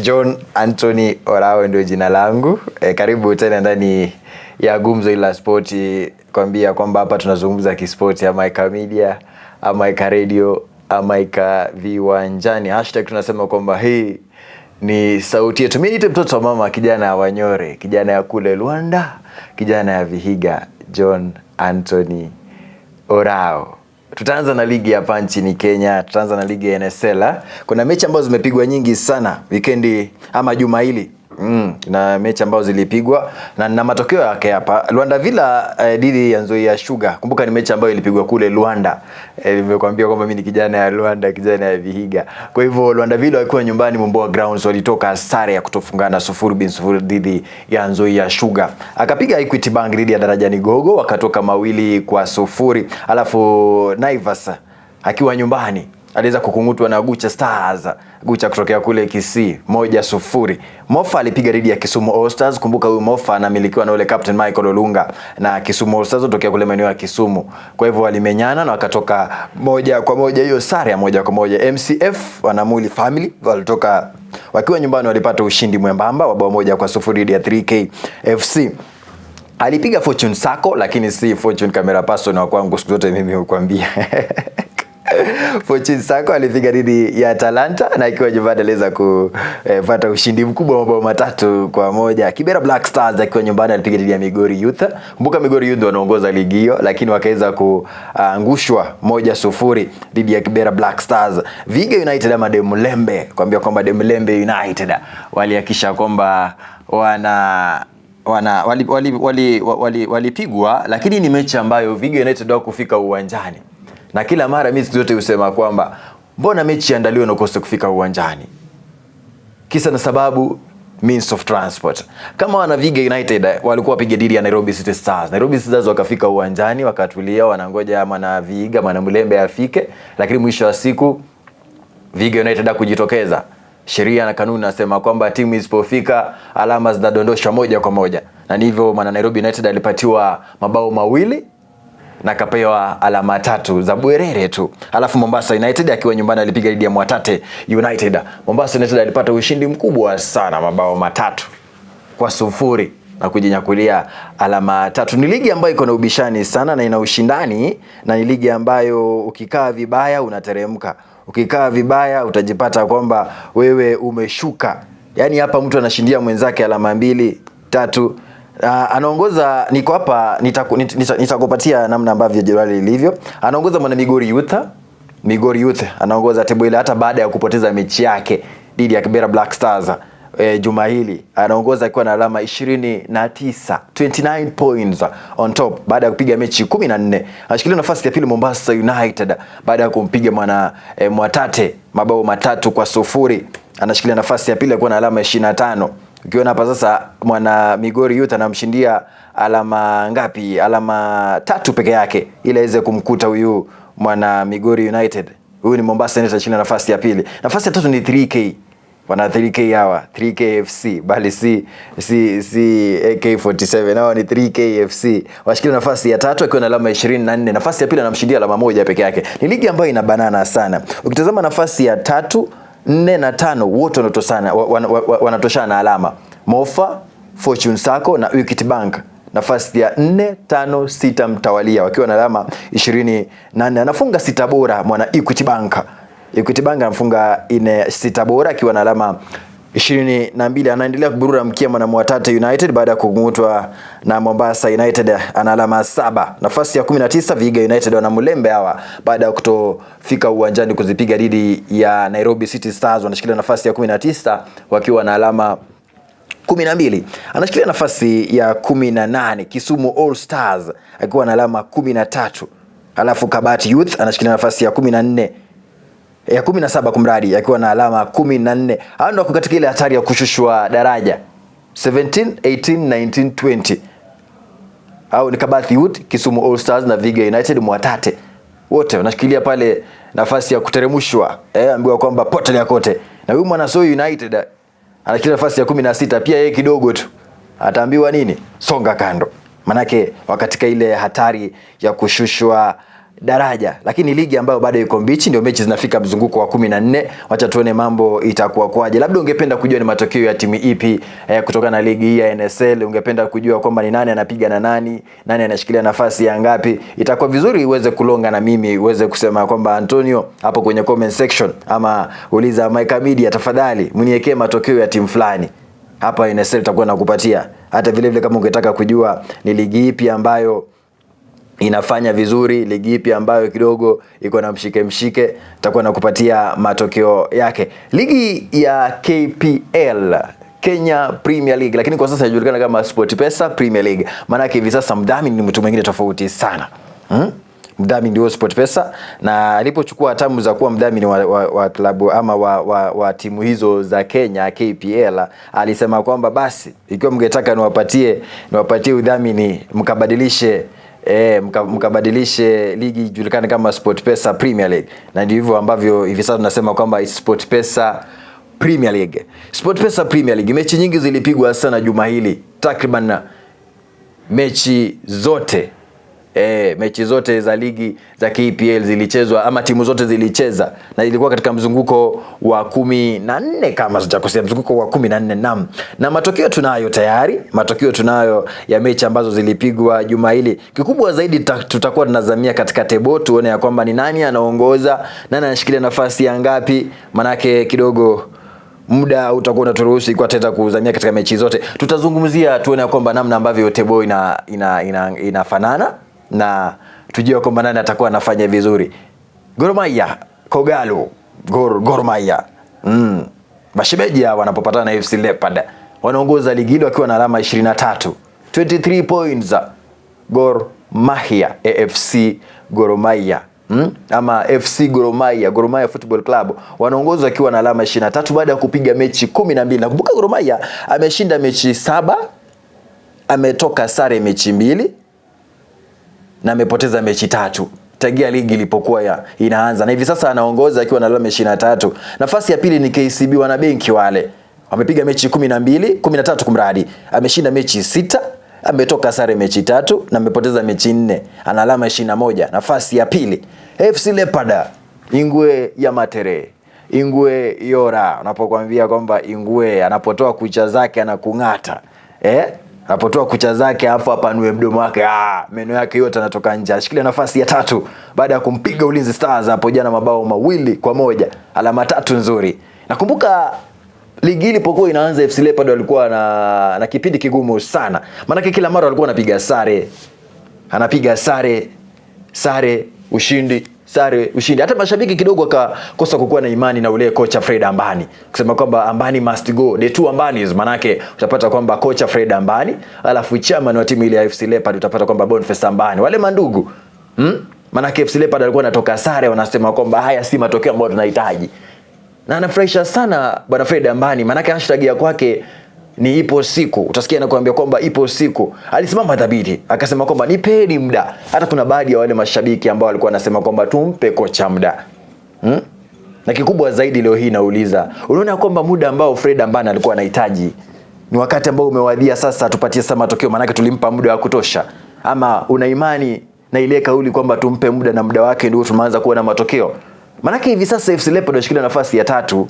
John Anthony Orao ndio jina langu. E, karibu tena ndani ya gumzo ila spoti, kwambia kwamba hapa tunazungumza kispoti, ama ika media ama ika radio ama ika viwanjani. Hashtag tunasema kwamba hii ni sauti yetu. Mimi niite mtoto wa mama, kijana ya Wanyore, kijana ya kule Luanda, kijana ya Vihiga, John Anthony Orao. Tutaanza na ligi hapa nchini Kenya, tutaanza na ligi ya NSL. Kuna mechi ambazo zimepigwa nyingi sana wikendi ama juma hili. Mm, na mechi ambazo zilipigwa na na matokeo yake hapa Luanda Villa eh, dhidi ya Nzoia Sugar. Kumbuka ni mechi ambayo ilipigwa kule Luanda. Eh, nimekuambia kwamba mimi ni kijana ya Luanda, kijana ya Vihiga. Kwa hivyo Luanda Villa walikuwa nyumbani Mumboa Grounds, walitoka sare ya kutofungana sufuri bin sufuri dhidi ya Nzoia Sugar. Akapiga Equity Bank dhidi ya Darajani Gogo wakatoka mawili kwa sufuri. Alafu Naivas akiwa nyumbani aliweza kukung'utwa na Gucha Stars. Gucha kutokea kule Kisii moja sufuri. Mofa alipiga dhidi ya Kisumu All Stars. Kumbuka huyu Mofa anamilikiwa na ule Captain Michael Olunga na Kisumu All Stars kutokea kule maeneo ya Kisumu. Kwa hivyo walimenyana na wakatoka moja kwa moja, hiyo sare ya moja kwa moja. MCF wanamuli Family walitoka wakiwa nyumbani, walipata ushindi mwembamba wa bao moja kwa sufuri dhidi ya 3K FC alipiga Fortune Sako, lakini si Fortune Camera Person wa kwangu, siku zote mimi hukwambia Pochin Sako alipiga dhidi ya Atalanta na ikiwa nyumbani aliweza eh, kupata eh, ushindi mkubwa wa mabao matatu kwa moja. Kibera Black Stars akiwa nyumbani alipiga dhidi ya Migori Youth. Kumbuka Migori Youth wanaongoza ligi hiyo, lakini wakaweza kuangushwa moja sufuri dhidi ya Kibera Black Stars. Viga United ama Demulembe, kwambia kwamba Demulembe United walihakisha kwamba wana wana walipigwa wali, wali, wali, wali, wali, lakini ni mechi ambayo Viga United hawakufika uwanjani na kila mara mimi siku zote husema kwamba mbona mechi iandaliwe na ukose kufika uwanjani? Kisa na sababu means of transport. Kama wana Viga United eh, walikuwa wapiga dili ya Nairobi City Stars. Nairobi City Stars wakafika uwanjani wakatulia, wanangoja mwana Viga mwana Mlembe afike, lakini mwisho wa siku Viga United kujitokeza. Sheria na kanuni nasema kwamba timu isipofika alama zinadondoshwa moja kwa moja, na ndivyo maana Nairobi United alipatiwa mabao mawili na akapewa alama tatu za bwerere tu. Alafu Mombasa United akiwa nyumbani alipiga dhidi ya Mwatate United. Mombasa United alipata ushindi mkubwa sana mabao matatu kwa sufuri na kujinyakulia alama tatu. Ni ligi ambayo iko na ubishani sana na ina ushindani, na ni ligi ambayo ukikaa vibaya unateremka, ukikaa vibaya utajipata kwamba wewe umeshuka. Yaani hapa mtu anashindia mwenzake alama mbili tatu Uh, anaongoza niko hapa nitakupatia nita, nita namna ambavyo jedwali lilivyo. Anaongoza mwana Migori Youth. Migori Youth anaongoza tebo ile hata baada ya kupoteza mechi yake dhidi ya Kibera Black Stars e, juma hili anaongoza akiwa na alama 29, 29 points on top baada ya kupiga mechi 14. Anashikilia nafasi ya pili Mombasa United baada ya kumpiga mwana e, Mwatate mabao matatu kwa sufuri. Anashikilia nafasi ya pili akiwa na alama 25 ukiona hapa sasa mwana Migori Youth anamshindia alama ngapi? Alama tatu peke yake ili aweze kumkuta huyu mwana Migori United. Huyu ni Mombasa United chini nafasi ya pili. Nafasi ya tatu ni 3K. Wana 3K hawa, 3K FC bali si si si AK47 hawa ni 3K FC. Washikilia nafasi ya tatu akiwa na alama 24. Nafasi ya pili anamshindia alama moja peke yake. Ni ligi ambayo ina banana sana. Ukitazama nafasi ya tatu nne na tano wote wanatoshana wan, wana, wana alama. Mofa, Fortune Sacco na Equity Bank nafasi ya nne, tano, sita mtawalia wakiwa na alama ishirini na nne. Anafunga sita bora mwana Equity Bank. Equity Bank anafunga ine sita bora akiwa na alama 22 anaendelea kuburura mkia na Mwatate United baada ya kung'utwa na Mombasa United, ana alama saba. Nafasi ya 19 Viga United wana Mulembe hawa baada ya kutofika uwanjani kuzipiga dhidi ya Nairobi City Stars, wanashikilia nafasi ya 19 wakiwa na alama 12. Anashikilia nafasi ya 18 Kisumu All Stars akiwa na alama 13, alafu Kabati Youth anashikilia nafasi ya 14 ya kumi na saba kumradi, akiwa na alama kumi na nne. Hao ndio katika ile hatari ya kushushwa daraja 17, 18, 19, 20 au ni Kabathi Wood, Kisumu All Stars na Viga United Mwatate, wote wanashikilia pale nafasi ya kuteremshwa eh, ambiwa kwamba ya kote. Na huyu mwana Soy United eh, anashikilia nafasi ya 16 pia, yeye kidogo tu ataambiwa nini, songa kando, manake wakatika ile hatari ya kushushwa daraja lakini ligi ambayo bado iko mbichi, ndio mechi zinafika mzunguko wa kumi na nne. Wacha tuone mambo itakuwa kwaje. Labda ungependa kujua ni matokeo ya timu ipi eh, kutoka na ligi hii ya NSL. Ungependa kujua kwamba ni nani anapiga na nani, nani anashikilia nafasi ya ngapi? Itakuwa vizuri uweze kulonga na mimi uweze kusema kwamba Antonio, hapo kwenye comment section, ama uliza Mike Media, tafadhali mniwekee matokeo ya timu fulani hapa NSL, itakuwa nakupatia hata vile vile, kama ungetaka kujua ni ligi ipi ambayo inafanya vizuri ligi ipi ambayo kidogo iko na mshike mshike, takuwa na kupatia matokeo yake. Ligi ya KPL Kenya Premier League, lakini kwa sasa inajulikana kama SportPesa Premier League, maanake hivi sasa mdhamini ni mtu mwingine tofauti sana hmm? Mdhamini ndio Sport Pesa, na alipochukua hatamu za kuwa mdhamini wa, wa, wa klabu ama wa, wa, wa timu hizo za Kenya KPL, alisema kwamba basi ikiwa mngetaka niwapatie niwapatie udhamini mkabadilishe E, mkabadilishe ligi ijulikane kama SportPesa Premier League, na ndio hivyo ambavyo hivi sasa tunasema kwamba SportPesa Premier League. SportPesa Premier League, mechi nyingi zilipigwa sana juma hili, takriban mechi zote E, mechi zote za ligi za KPL zilichezwa ama timu zote zilicheza na ilikuwa katika mzunguko wa kumi na nne kama sijakosea, mzunguko wa kumi na nne nam, na matokeo tunayo tayari, matokeo tunayo ya mechi ambazo zilipigwa juma hili. Kikubwa zaidi tutakuwa tunazamia katika tebo, tuone ya kwamba ni nani anaongoza, nani anashikilia nafasi ya ngapi, manake kidogo muda utakuwa unaturuhusu teta kuzamia katika mechi zote. Tutazungumzia tuone ya kwamba namna ambavyo tebo ina, ina, ina, inafanana na tujue kwamba nani atakuwa anafanya vizuri. Gor Mahia Kogalo, Gor Gor Mahia mm. Mashemeji hawa wanapopatana na FC Leopard wanaongoza ligi hilo wakiwa na alama 23, 23 points. Gor Mahia AFC Gor Mahia Hmm? Ama FC Gor Mahia, Gor Mahia Football Club wanaongoza wakiwa na alama 23 baada ya kupiga mechi 12. Nakumbuka Gor Mahia ameshinda mechi saba, ametoka sare mechi mbili, na amepoteza mechi tatu tagia ligi ilipokuwa ya inaanza, na hivi sasa anaongoza akiwa na alama tatu. Nafasi ya pili ni KCB wana benki wale, wamepiga mechi 12, 13 kumradi, ameshinda mechi sita, ametoka sare mechi tatu na amepoteza mechi nne, ana alama 21, nafasi ya pili. FC Lepada Ingwe ya Matere Ingwe Yora, unapokuambia kwamba Ingwe anapotoa kucha zake anakung'ata eh? Apotoa kucha zake hapo apanue mdomo wake. Ah, meno yake yote yanatoka nje. Ashikilia nafasi ya tatu baada ya kumpiga Ulinzi Stars hapo jana mabao mawili kwa moja. Alama tatu nzuri. Nakumbuka ligi hii ilipokuwa inaanza FC Leopard walikuwa na, na kipindi kigumu sana. Maanake kila mara walikuwa wanapiga sare. Anapiga sare, sare, ushindi, sare ushindi. Hata mashabiki kidogo akakosa kukuwa na imani na ule kocha Fred Ambani, kusema kwamba Ambani must go the two Ambanis, manake utapata kwamba kocha Fred Ambani alafu chama wa timu ile ya FC Leopard utapata kwamba Boniface Ambani, wale mandugu hmm? Manake FC Leopard alikuwa anatoka sare, wanasema kwamba haya si matokeo ambayo tunahitaji, na anafurahisha sana bwana Fred Ambani, manake hashtag ya kwake ni ipo siku utasikia anakuambia kwamba ipo siku. Alisimama dhabiti akasema kwamba nipeni muda. Hata kuna baadhi ya wale mashabiki ambao walikuwa wanasema kwamba tumpe kocha muda hmm? na kikubwa zaidi leo hii nauliza, unaona kwamba muda ambao Fred Ambana alikuwa anahitaji ni wakati ambao umewadia sasa, tupatie sasa matokeo, maanake tulimpa muda wa kutosha, ama una imani na ile kauli kwamba tumpe muda na muda wake ndio tumeanza kuona matokeo? Maanake hivi sasa FC Leopards anashikilia nafasi ya tatu.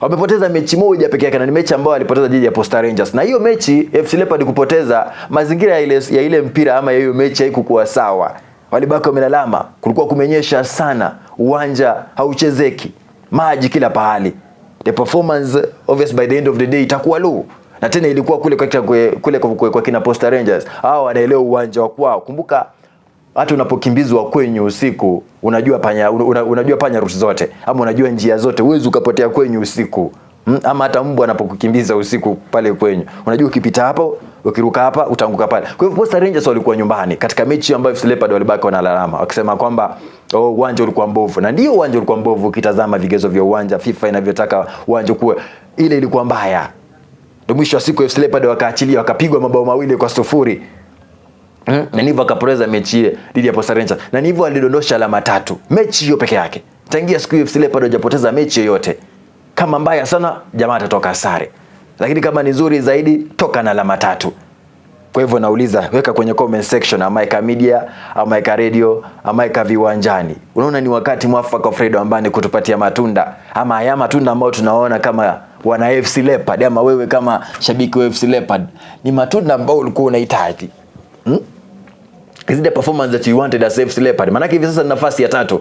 Wamepoteza mechi moja peke yake na ni mechi ambayo walipoteza dhidi ya Posta Rangers. Na hiyo mechi FC Leopard kupoteza, mazingira ya ile, ya ile mpira ama hiyo mechi haikukuwa sawa. Walibaki wamelalama, kulikuwa kumenyesha sana, uwanja hauchezeki, maji kila pahali. The performance obvious by the end of the day itakuwa low. Na tena ilikuwa kule kwa kule kwa kina Posta Rangers. Hao wanaelewa uwanja wa kwao. Kumbuka hata unapokimbizwa kwenye usiku unajua panya, una, unajua panya rush zote ama unajua njia zote, huwezi ukapotea kwenye usiku mm, ama hata mbwa anapokukimbiza usiku pale kwenye, unajua ukipita hapo ukiruka hapa utanguka pale. Kwa hivyo Posta Rangers walikuwa nyumbani katika mechi ambayo FC Leopards walibaki wana alama, wakisema kwamba oh, uwanja ulikuwa mbovu, na ndio uwanja ulikuwa mbovu. Ukitazama vigezo vya uwanja FIFA inavyotaka uwanja kuwe, ile ilikuwa mbaya. Ndio mwisho wa siku FC Leopards wakaachilia, wakapigwa mabao mawili kwa sufuri. Mm, na nivo akapoteza mechi ile dhidi ya Posta Rangers, na nivo alidondosha alama tatu mechi hiyo peke yake. Tangia siku hiyo FC Leopards hajapoteza mechi yoyote. Kama mbaya sana jamaa atatoka sare, lakini kama ni nzuri zaidi toka na alama tatu. Kwa hivyo nauliza, weka kwenye comment section, amaika media, amaika radio, amaika viwanjani, unaona ni wakati mwafaka wa Fredo Ambani kutupatia matunda ama haya matunda ambayo tunaona kama wana FC Leopard ama wewe kama shabiki wa FC Leopard, ni matunda ambayo ulikuwa unahitaji hmm? Is the performance that you wanted as FC Leopard? Maana hivi sasa ni nafasi ya tatu.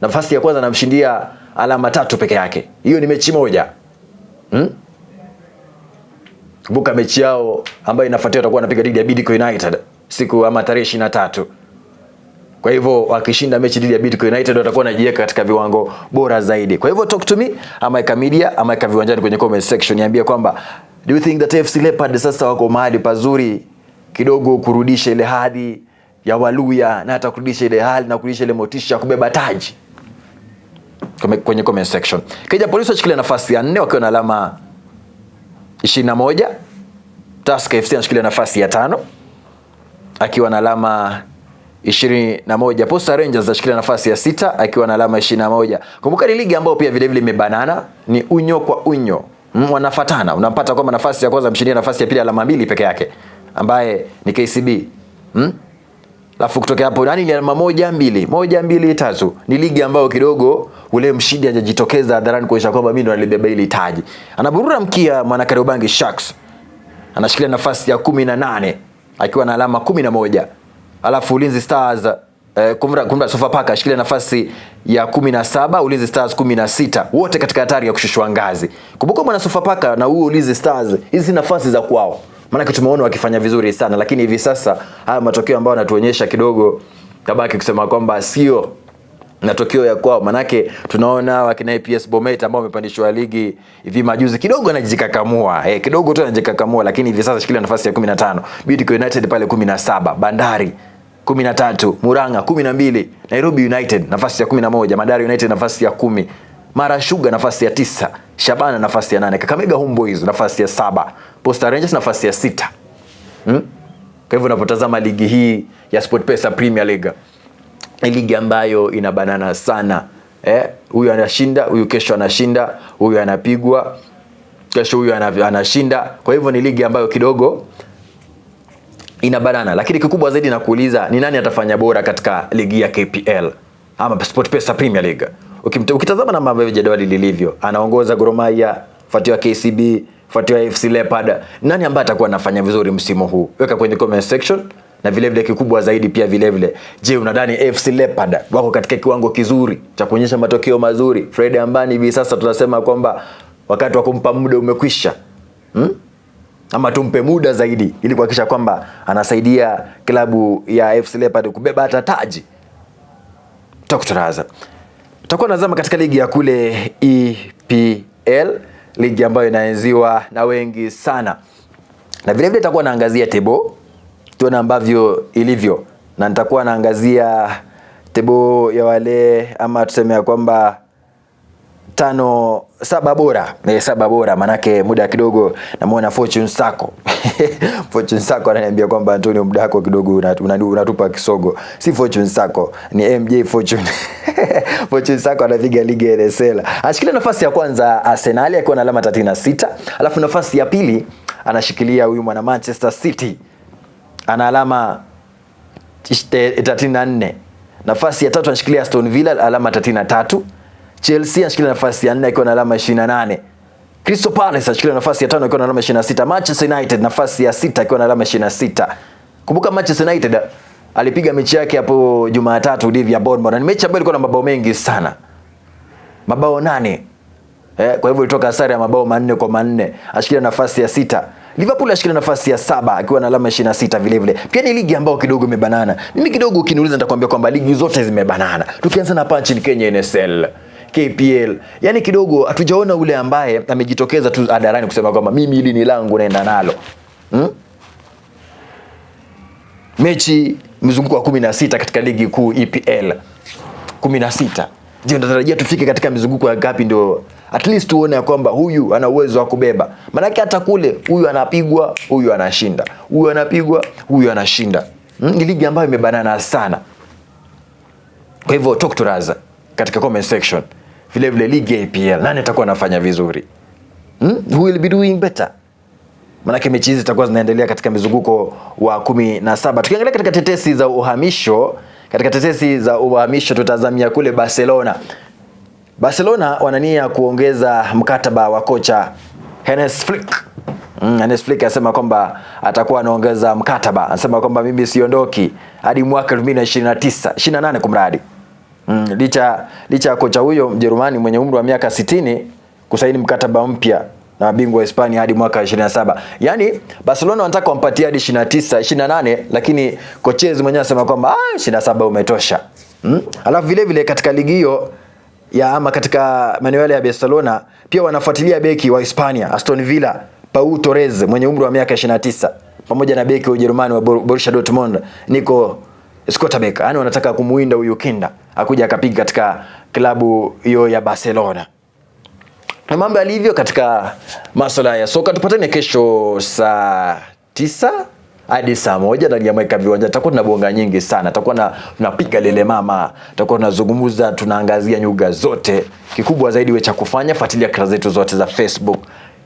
Nafasi ya kwanza namshindia alama tatu peke yake. Hiyo ni mechi moja. Hmm? Kumbuka mechi yao ambayo inafuatia watakuwa wanapiga dhidi ya Bidco United siku ama tarehe 23. Kwa hivyo wakishinda mechi dhidi ya Bidco United watakuwa wanajiweka katika viwango bora zaidi. Kwa hivyo talk to me ama Eka Media ama Eka Viwanjani kwenye comment section niambie kwamba do you think that FC Leopard sasa wako mahali pazuri kidogo kurudisha ile hadhi ya Waluya na hata kurudisha ile hali na kurudisha ile motisha ya kubeba taji kwenye comment section. Kija polisi washikilia nafasi ya nne wakiwa na alama 21. Tusker FC anashikilia nafasi ya tano akiwa na alama 21. Posta Rangers anashikilia nafasi ya sita akiwa na alama 21. Kumbuka ni ligi ambayo pia vilevile imebanana, ni unyo kwa unyo, mm, wanafatana. Unampata kwamba nafasi ya kwanza mshindia nafasi ya pili alama mbili peke yake ambaye ni KCB hmm? Alafu kutokea hapo yani ni alama moja mbili moja mbili tatu. Ni ligi ambayo kidogo ule mshindi hajajitokeza hadharani kuonyesha kwamba mimi ndo nalibeba hili taji. Anaburura mkia mwana Kariobangi Sharks. Anashikilia nafasi ya kumi na nane akiwa na alama kumi na moja. Alafu Ulinzi Stars eh, kumra kumra Sofapaka ashikilia nafasi ya kumi na saba Ulinzi Stars kumi na sita wote katika hatari ya kushushwa ngazi. Kumbuka mwana Sofapaka na huo Ulinzi Stars hizi nafasi za kwao maanake tumeona wakifanya vizuri sana, lakini hivi sasa haya matokeo ambayo anatuonyesha kidogo tabaki kusema kwamba sio matokeo ya kwao, manake tunaona wakina APS Bomet ambao wamepandishwa ligi hivi majuzi kidogo anajikakamua eh, kidogo tu anajikakamua, lakini hivi sasa shikilia nafasi ya 15, Bidco United pale 17, Bandari 13, Muranga 12, Nairobi United nafasi ya 11, Madari United nafasi ya kumi. Mara Sugar nafasi ya tisa, Shabana nafasi ya nane, Kakamega Homeboys nafasi ya saba, Posta Rangers nafasi ya sita. Hmm? Kwa hivyo unapotazama ligi hii ya SportPesa Premier League, ni ligi ambayo ina banana sana. Eh, huyu anashinda, huyu kesho anashinda, huyu anapigwa, kesho huyu anashinda. Kwa hivyo ni ligi ambayo kidogo ina banana, lakini kikubwa zaidi nakuuliza ni nani atafanya bora katika ligi ya KPL ama SportPesa Premier League? ukitazama na mambo ya jadwali lilivyo, anaongoza Gor Mahia, fuatiwa KCB, fuatiwa FC Leopard. Nani ambaye atakuwa anafanya vizuri msimu huu? Weka kwenye comment section na vile vile kikubwa zaidi pia vile vile. je, unadhani FC Leopard wako katika kiwango kizuri cha kuonyesha matokeo mazuri? Fred Ambani hivi sasa tunasema kwamba wakati wa kumpa muda umekwisha, hmm? Ama tumpe muda zaidi ili kuhakikisha kwamba anasaidia klabu ya FC Leopard kubeba hata taji. Tutakutaraza. Tutakuwa nazama katika ligi ya kule EPL, ligi ambayo inaenziwa na wengi sana, na vilevile nitakuwa naangazia tebo, tuone ambavyo ilivyo, na nitakuwa naangazia tebo ya wale ama tuseme ya kwamba tano saba bora eh, saba bora manake muda kidogo namuona Fortune Sako Fortune Sako ananiambia kwamba Antonio, muda wako kidogo unatupa kisogo. Si Fortune Sako ni MJ Fortune Fortune Sako anapiga ligi ya RSL, ashikilia nafasi ya kwanza Arsenal akiwa na alama 36, alafu nafasi ya pili anashikilia huyu mwana Manchester City ana alama 34. Nafasi ya tatu anashikilia Aston Villa alama 33. Chelsea anashikilia nafasi ya 4 akiwa na alama 28. Crystal Palace anashikilia nafasi ya 5 akiwa na alama 26. Manchester United nafasi ya 6 akiwa na alama 26. Kumbuka Manchester United alipiga mechi yake hapo Jumatatu dhidi ya Bournemouth. Ni mechi ambayo ilikuwa na mabao mengi sana. Mabao nane. Eh, kwa hivyo ilitoka sare ya mabao manne kwa manne. Ashikilia nafasi ya sita. Liverpool ashikilia nafasi ya saba akiwa na alama sita vile vile. Pia ni ligi ambayo kidogo imebanana. Mimi kidogo ukiniuliza nitakwambia kwamba ligi zote zimebanana. Tukianza na hapa nchini Kenya NSL. KPL. Yaani kidogo hatujaona ule ambaye amejitokeza tu hadharani kusema kwamba mimi hili ni langu naenda nalo hmm? Mechi mzunguko wa 16 katika ligi kuu EPL 16. Je, unatarajia tufike katika mizunguko ya ngapi ndio at least tuone ya kwamba huyu ana uwezo wa kubeba? Maanake hata kule huyu anapigwa, huyu anashinda, huyu anapigwa, huyu anashinda. Hmm? Ni ligi ambayo imebanana sana. Kwa hivyo talk to Raza katika comment section vile vile ligi ya EPL, nani atakuwa anafanya vizuri? Hmm? Who will be doing better? Manake mechi hizi zitakuwa zinaendelea katika mizunguko wa kumi na saba. Tukiangalia katika tetesi za uhamisho, katika tetesi za uhamisho tutazamia kule Barcelona. Barcelona wanania kuongeza mkataba wa kocha Hennes Flick. Mm, Hannes Flick anasema kwamba atakuwa anaongeza mkataba, anasema kwamba mimi siondoki hadi mwaka 2029 28 kumradi. Mm, licha licha ya kocha huyo Mjerumani mwenye umri wa miaka sitini kusaini mkataba mpya na bingwa wa Hispania hadi mwaka 27. Yaani Barcelona wanataka wampatie hadi 29, 28 lakini Cocheze mwenyewe anasema kwamba ah, 27 umetosha. Mm? Alafu vile vile katika ligi hiyo ya ama katika maeneo ya Barcelona pia wanafuatilia beki wa Hispania Aston Villa Pau Torres mwenye umri wa miaka 29 pamoja na beki wa Ujerumani wa Borussia Dortmund Nico Squatta yani wanataka kumuinda huyu Kinda akuja akapiga katika klabu hiyo ya Barcelona. Na mambo yalivyo katika masuala ya soka, tupatane kesho saa tisa hadi saa moja ndani ya Mweka Viwanja. Tutakuwa tuna bonga nyingi sana, tutakuwa na tunapiga lele mama, tutakuwa tunazungumza, tunaangazia nyuga zote. Kikubwa zaidi we cha kufanya, fuatilia kurasa zetu zote za Facebook,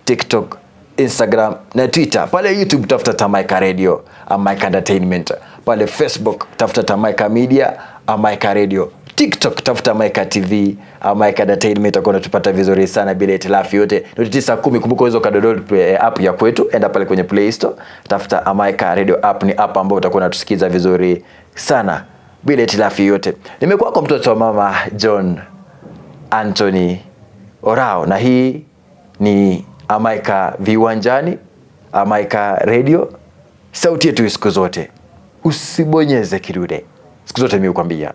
TikTok, Instagram na Twitter. Pale YouTube tafuta Tamaika Radio Amaika Entertainment pale Facebook tafuta Tamaika Media, Amaika Radio, TikTok tafuta Maika TV, Maika Entertainment, utakuwa unatupata vizuri sana bila itilafu yote. Noti saa kumi. Kumbuka uweze ukadownload eh, app ya kwetu, enda pale kwenye Play Store, tafuta Amaika Radio app. Ni app ambayo utakuwa unatusikiza vizuri sana bila itilafu yote. Nimekuwa kwa mtoto wa mama John Anthony Orao, na hii ni Amaika Viwanjani, Amaika Radio, sauti yetu siku zote usibonyeze kidude. Siku zote mimi hukwambia